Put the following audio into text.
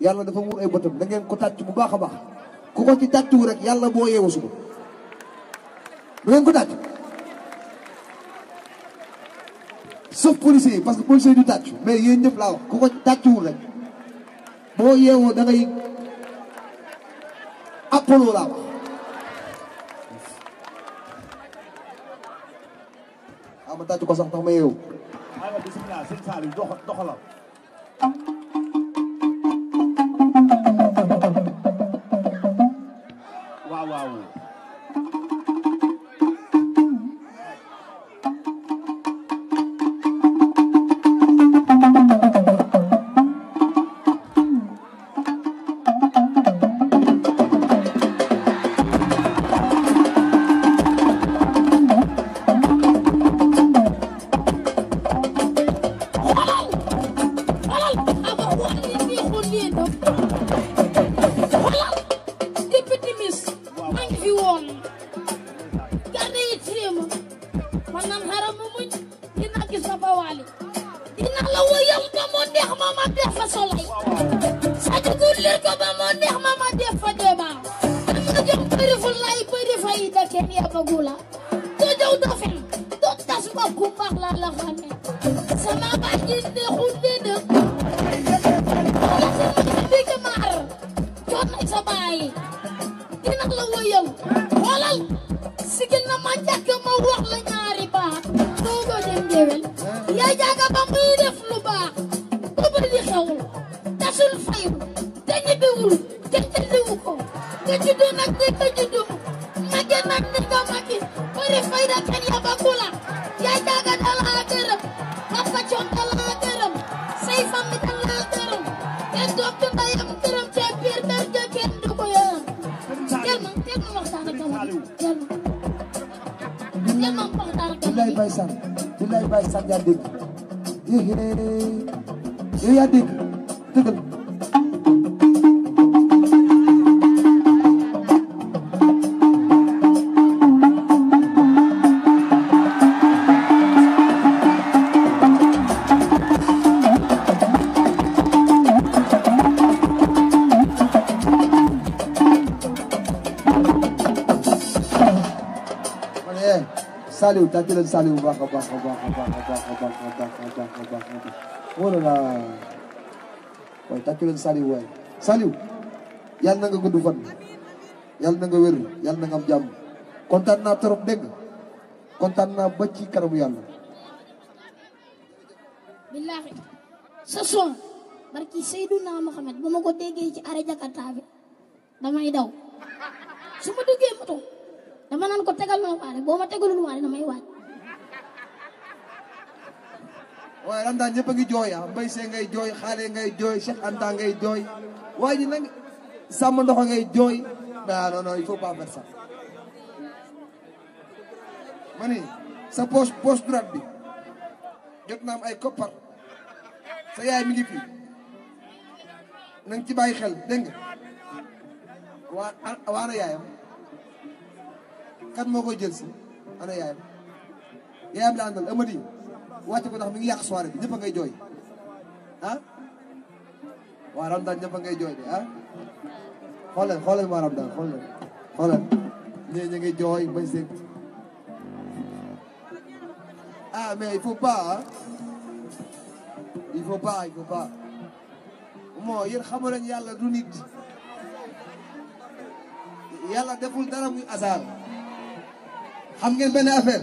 yàlla dafa muur ay bëtam da ngeen ko tàcc bu baax a baax ku ko ci tàccu rek yàlla boo yeewu suba da ngeen ko tàcc sauf policier yi parce que policier yi du tàcc mais yéen ñëpp laa wax ku ko tàccuwul rek boo yeewoo da ngay apollo laa wax ah, ko sax tax ma Pauau. Thank you. kon nan mu muñ dina gis ma ba waali dina la woyal ba mu neex ma ma def fa soleil sa jugu lir ko ba mu neex ma ma def fa débat dama jom bëri fa yi da kenn yàggagu la doo doo fen doo tas ma ku baax la la xame sama baay ji neexul nga ba muy def lu baax bu bëri xewul tasul fayul te ñibbiwul te jëndiwu ko nga juddu nag ni nga juddu mage nag ni nga magi bëri fayda kenn yaba ku la yaay jaaga dalaa gërëm papa coon dalaa gërëm say famille dalaa gërëm kenn dootu ndayam gërëm cee biir kër ja kenn du ko yaram kenn ma kenn ma waxtaan ak kenn ma waxtaan ak kenn ma waxtaan ak kenn ma waxtaan ak kenn ma waxtaan ak kenn ma waxtaan ak kenn yow yaa dégg dëggal Saliu, tá tirando Saliu. Baca, baca, baca, baca, baca, baca, baca, baca, baca. Muna na. Oy, tá tirando Saliu way. Saliu. Yalla na nga gudd fan. Yalla na nga wër, yalla na nga am jam. Kontaan naa torop dégg. Kontaan naa ba ci karamu yalla. Billahi. Sa son barki Sayyiduna Muhammad bama ko déggé ci ara Jakarta bi damay daw. Suma duggé moto dama naan ko tegal ma waale boo ma tegalul waaye lan daal a ngi jooya ah Mbaye ngay jooy xaale ngay jooy Cheikh Anta ngay jooy waaye ji nag sàmm ndox ngay jooy ah non non il faut pas faire ça. sa poche poche droite bi jot naa am ay koppar sa yaay mi ngi fi na ci bàyyi xel dégg nga waa waana yaayam. kan moo ko jël si ana yaayam yaayam la àndal amadi wàcce ko ndax mi ngi yàq soirée bi ñëpp ngay jooy ah waa Ramadaan ñëpp a ngay jooy de ah xoolal xoolal waa Ramadaan xoolal xoolal ñee ñu ngi ah, ah. moo yéen xamu nañ yàlla du nit dara muy xam ngeen benn affaire